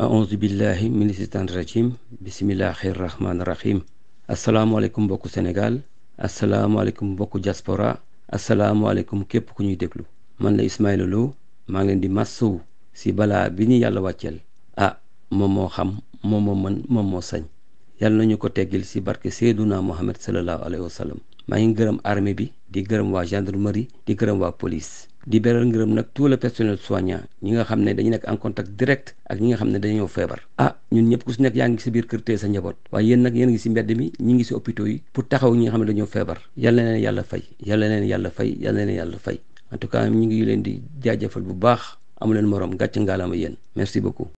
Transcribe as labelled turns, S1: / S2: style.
S1: auzu billahi mina seytaani rajim bismillahi rahmaani rahim asalaamaaleykum mbokku Sénégal asalaamaaleykum mbokku diaspora asalaamaaleykum képp ku ñuy déglu man la Ismaïla maa ngi di massawu si balaa bi ñu yàlla wàcceel ah moom moo xam moom moom mën moom moo sañ yàlla nañu ko teggil si barke Seyduna Muhammad sallallahu alayhi wa sallam maa ngi gërëm armée bi di gërëm waa gendarmerie di gërëm waa polis di beral ngërëm nag tout le personnel soignant ñi nga xam ne dañu nekk en contact direct ak ñi nga xam ne dañoo feebar ah ñun ñëpp ku si nekk yaa ngi si biir kër tee sa njaboot waaye yéen nag yéen ngi si mbedd mi ñu ngi si hôpitaux yi pour taxaw ñi nga xam ne dañoo feebar yàlla leen yàlla fay yàlla leen yàlla fay yàlla leen yàlla fay en tout cas ñu ngi leen di jaajëfal bu baax amu leen morom gàcc ngaalaama yéen merci beaucoup